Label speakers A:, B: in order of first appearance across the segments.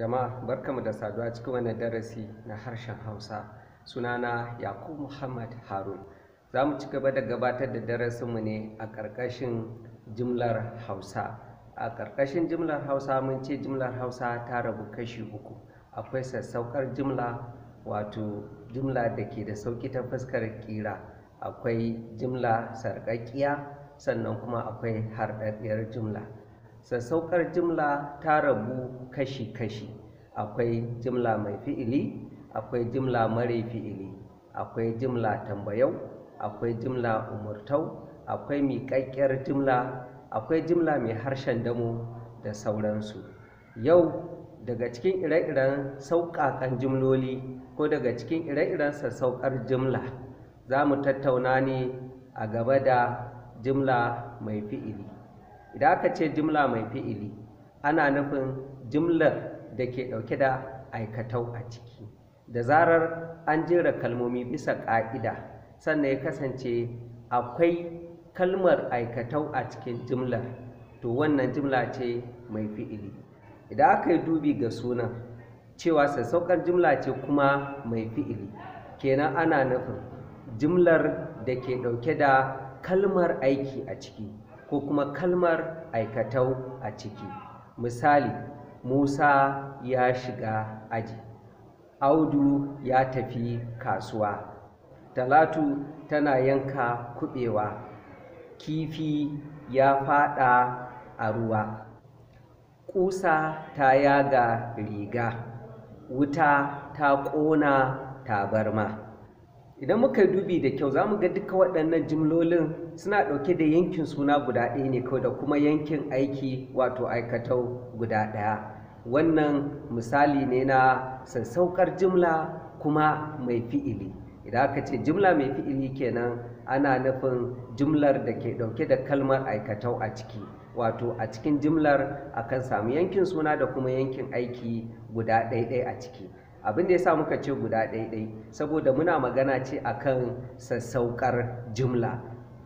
A: jama'a barkamu da saduwa cikin wannan darasi na harshen hausa sunana yakub muhammad harun za mu ci gaba da gabatar da darasinmu ne a ƙarƙashin jimlar hausa a ƙarƙashin jimlar hausa mun ce jimlar hausa ta rabu kashi uku akwai sassaukar jimla wato jimla da ke da sauƙi ta fuskar ƙira akwai jimla sarƙaƙƙiya sannan kuma akwai harɗaɗɗiyar jimla sassaukar jimla ta rabu kashi-kashi akwai jimla mai fi'ili akwai jimla mare fi'ili akwai jimla tambayau akwai jimla umurtau akwai miƙaƙƙiyar jimla akwai jimla mai harshen damo da sauransu yau daga cikin ire-iren sauƙaƙan jimloli ko daga cikin ire-iren sassaukar jimla za mu tattauna ne a gaba da jimla mai fi'ili idan aka ce jimla mai fi'ili ana nufin jimlar da ke ɗauke da aikatau a ciki da zarar an jera kalmomi bisa ƙa'ida sannan ya kasance akwai kalmar aikatau a cikin jimlar to wannan jimla ce mai fi'ili idan aka yi dubi ga sunan cewa sassaukar jimla ce kuma mai fi'ili kenan ana nufin jimlar da ke ɗauke da kalmar aiki a ciki ko kuma kalmar aikatau a ciki misali musa ya shiga aji audu ya tafi kasuwa talatu tana yanka kuɓewa kifi ya faɗa a ruwa ƙusa ta yaga riga wuta ta ƙona tabarma idan muka dubi da kyau za mu ga duka waɗannan jimlolin suna ɗauke da yankin suna guda ɗaya ne kawai da kuma yankin aiki wato aikatau guda ɗaya wannan misali ne na sassaukar jimla kuma mai fi'ili idan aka ce jimla mai fi'ili kenan ana nufin jimlar da ke ɗauke da kalmar aikatau a ciki wato a cikin jimlar akan samu yankin suna da kuma yankin aiki guda ɗaya a ciki abin da ya sa muka ce guda ɗaiɗai saboda muna magana ce akan sassaukar jimla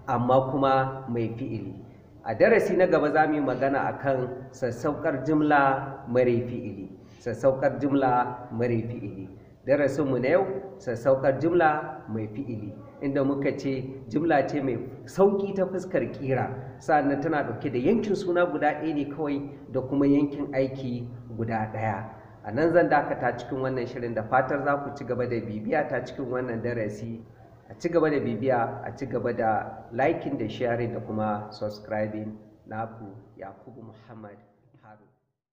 A: amma kuma mai fi'ili a darasi na gaba za mu yi magana akan sassaukar jimla mare fi'ili sassaukar jimla mare fi'ili darasinmu na yau sassaukar jimla mai fi'ili inda muka ce jimla ce mai sauƙi ta fuskar ƙira sannan tana ɗauke da yankin suna guda ɗaya ne kawai da kuma yankin aiki guda ɗaya a nan zan dakata cikin wannan shirin da fatar za ku ci gaba da bibiya ta cikin wannan darasi a ci gaba da bibiya a ci gaba da liking da sharing da kuma subscribing na ku yakubu muhammad